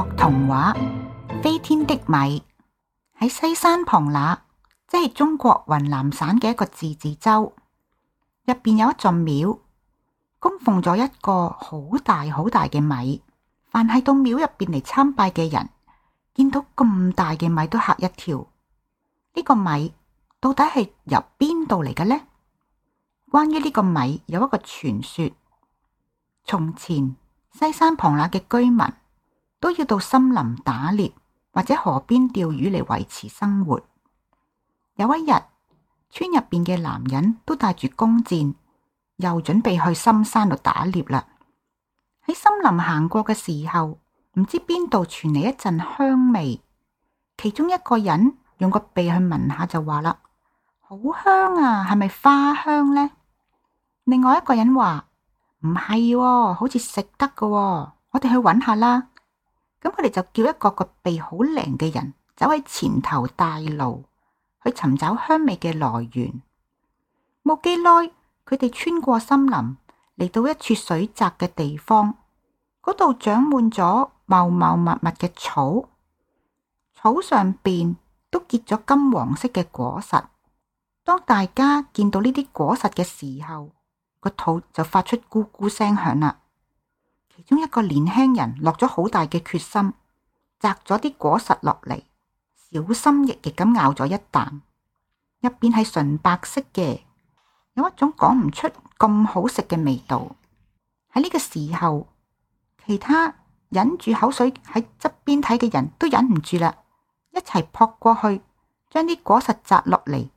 國童話《飛天的米》喺西山旁那，即係中國雲南省嘅一個自治州，入邊有一座廟，供奉咗一個好大好大嘅米。凡係到廟入邊嚟參拜嘅人，見到咁大嘅米都嚇一跳。呢、這個米到底係由邊度嚟嘅呢？關於呢個米有一個傳說：從前西山旁那嘅居民，都要到森林打獵或者河邊釣魚嚟維持生活。有一日，村入邊嘅男人都帶住弓箭，又準備去深山度打獵啦。喺森林行過嘅時候，唔知邊度傳嚟一陣香味。其中一個人用個鼻去聞下就話啦：「好香啊，係咪花香呢？」另外一個人話：「唔係喎，好似食得㗎喎，我哋去揾下啦。咁佢哋就叫一個個鼻好靈嘅人走喺前頭帶路，去尋找香味嘅來源。冇幾耐，佢哋穿過森林，嚟到一處水澤嘅地方，嗰度長滿咗茂茂密密嘅草，草上邊都結咗金黃色嘅果實。當大家見到呢啲果實嘅時候，個肚就發出咕咕聲響啦。其中一個年輕人落咗好大嘅決心，摘咗啲果實落嚟，小心翼翼咁咬咗一啖，入邊係純白色嘅，有一種講唔出咁好食嘅味道。喺呢個時候，其他忍住口水喺側邊睇嘅人都忍唔住啦，一齊撲過去將啲果實摘落嚟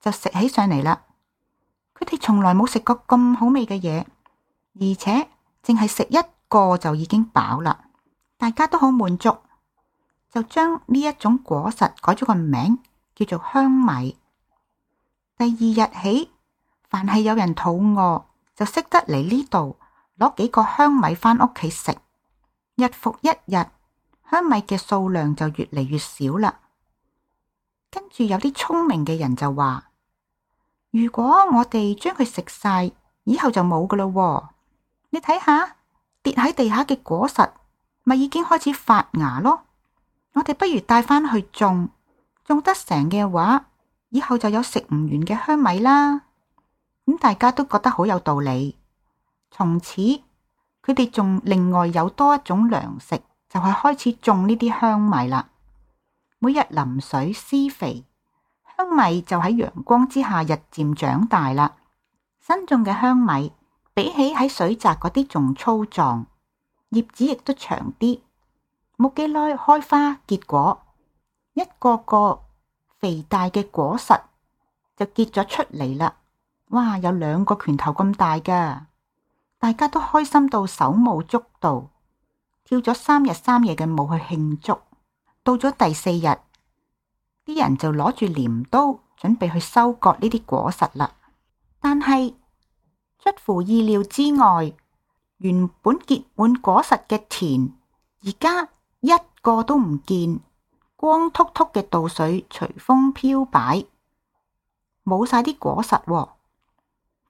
就食起上嚟啦。佢哋從來冇食過咁好味嘅嘢，而且淨係食一。個就已經飽啦，大家都好滿足，就將呢一種果實改咗個名，叫做香米。第二日起，凡係有人肚餓，就識得嚟呢度攞幾個香米返屋企食。日復一日，香米嘅數量就越嚟越少啦。跟住有啲聰明嘅人就話：「如果我哋將佢食晒，以後就冇㗎啦喎。你睇下。跌喺地下嘅果實，咪已經開始發芽咯。我哋不如帶翻去種，種得成嘅話，以後就有食唔完嘅香米啦。咁，嗯，大家都覺得好有道理。從此，佢哋仲另外有多一種糧食，就係開始種呢啲香米啦。每日淋水施肥，香米就喺陽光之下日漸長大啦。新種嘅香米。比起喺水澤嗰啲仲粗壯，葉子亦都長啲。冇幾耐開花結果，一個個肥大嘅果實就結咗出嚟啦。哇，有兩個拳頭咁大㗎，大家都開心到手舞足蹈，跳咗三日三夜嘅舞去慶祝。到咗第四日，啲人就攞住鐮刀準備去收割呢啲果實啦。但係，出乎意料之外，原本結滿果實嘅田，而家一個都唔見，光禿禿嘅稻穗隨風飄擺，冇晒啲果實哦。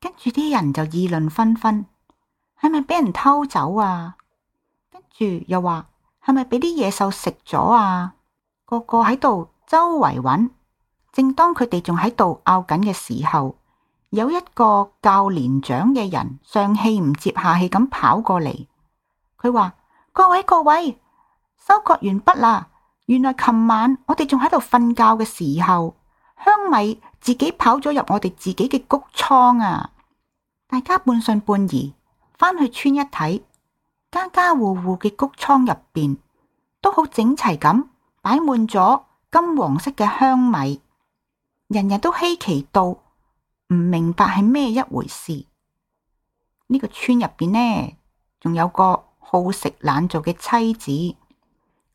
跟住啲人就議論紛紛，係咪俾人偷走啊？跟住又話，係咪俾啲野獸食咗啊？個個喺度周圍揾，正當佢哋仲喺度拗緊嘅時候，有一個教年長嘅人上氣唔接下氣咁跑過嚟，佢話：各位各位，收割完畢啦！原來琴晚我哋仲喺度瞓覺嘅時候，香米自己跑咗入我哋自己嘅穀倉啊！大家半信半疑，翻去村一睇，家家戶戶嘅穀倉入邊都好整齊咁擺滿咗金黃色嘅香米，人人都稀奇到。唔明白係咩一回事？呢個村入邊呢，仲有個好食懶做嘅妻子。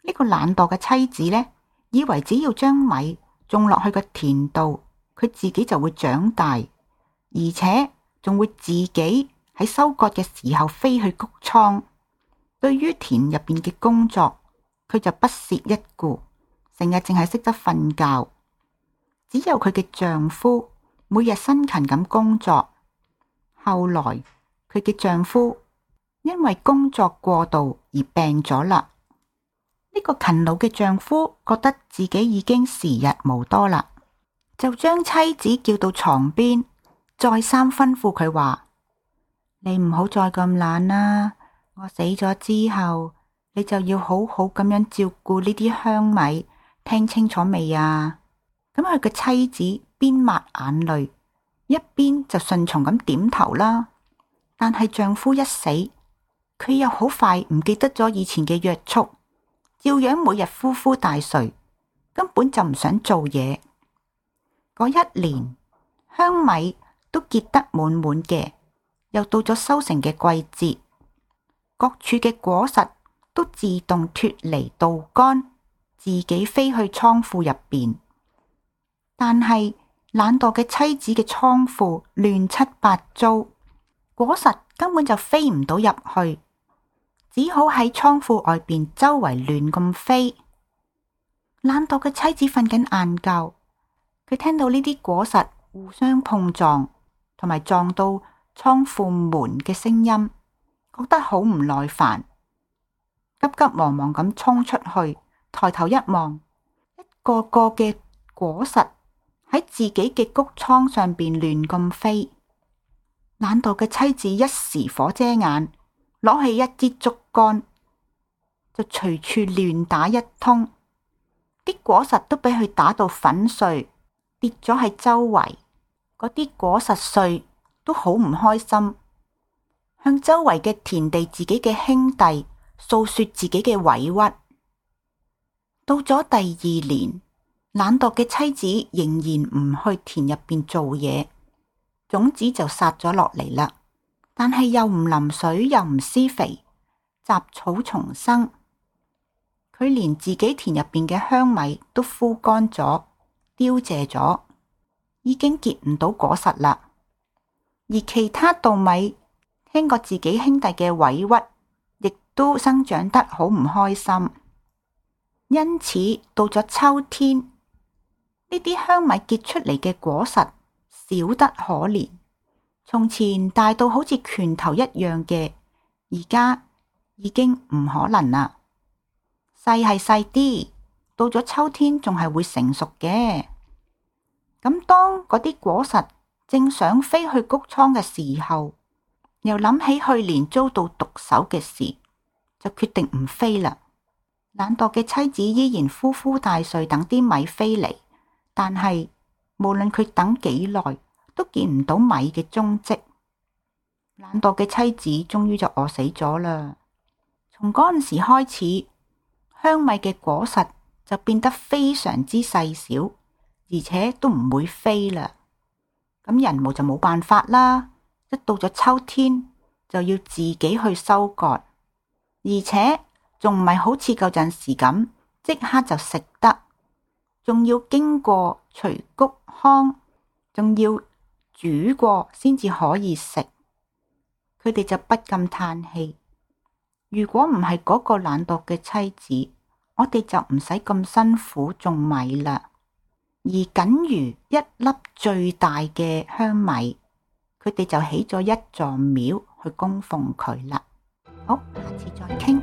呢個懶惰嘅妻子呢，以為只要將米種落去個田度，佢自己就會長大，而且仲會自己喺收割嘅時候飛去谷倉。對於田入邊嘅工作，佢就不屑一顧，成日淨係識得瞓覺。只有佢嘅丈夫。每日辛勤咁工作，後來佢嘅丈夫因為工作過度而病咗啦。呢個勤勞嘅丈夫覺得自己已經時日無多啦，就將妻子叫到床邊，再三吩咐佢話：你唔好再咁懶啦！我死咗之後，你就要好好咁樣照顧呢啲香米，聽清楚未啊？咁佢嘅妻子。邊抹眼淚，一邊就順從咁點頭啦。但係丈夫一死，佢又好快唔記得咗以前嘅約束，照樣每日呼呼大睡，根本就唔想做嘢。嗰一年香米都結得滿滿嘅，又到咗收成嘅季節，各處嘅果實都自動脫離稻干，自己飛去倉庫入邊，但係。懶惰嘅妻子嘅倉庫亂七八糟，果實根本就飛唔到入去，只好喺倉庫外邊周圍亂咁飛。懶惰嘅妻子瞓緊晏覺，佢聽到呢啲果實互相碰撞同埋撞到倉庫門嘅聲音，覺得好唔耐煩，急急忙忙咁衝出去，抬頭一望，一個個嘅果實喺自己嘅谷倉上面亂咁飛，懶惰嘅妻子一時火遮眼，攞起一支竹竿就隨處亂打一通，啲果實都俾佢打到粉碎，跌咗喺周圍。嗰啲果實碎都好唔開心，向周圍嘅田地、自己嘅兄弟訴說自己嘅委屈。到咗第二年。懶惰嘅妻子仍然唔去田入邊做嘢，種子就撒咗落嚟啦。但係又唔淋水，又唔施肥，雜草叢生。佢連自己田入邊嘅香米都枯乾咗，凋謝咗，已經結唔到果實啦。而其他稻米聽過自己兄弟嘅委屈，亦都生長得好唔開心，因此到咗秋天。呢啲香米結出嚟嘅果實少得可憐，從前大到好似拳頭一樣嘅，而家已經唔可能啦。細係細啲，到咗秋天仲係會成熟嘅。咁當嗰啲果實正想飛去谷倉嘅時候，又諗起去年遭到毒手嘅事，就決定唔飛啦。懶惰嘅妻子依然呼呼大睡，等啲米飛嚟。但係，無論佢等幾耐，都見唔到米嘅蹤跡。懶惰嘅妻子終於就餓死咗啦。從嗰陣時開始，香米嘅果實就變得非常之細小，而且都唔會飛啦。咁人毛就冇辦法啦。一到咗秋天，就要自己去收割，而且仲唔係好似舊陣時咁，即刻就食得。仲要經過除谷糠，仲要煮過先至可以食。佢哋就不禁嘆氣：如果唔係嗰個懶惰嘅妻子，我哋就唔使咁辛苦種米啦。而僅如一粒最大嘅香米，佢哋就起咗一座廟去供奉佢啦。好，下次再傾。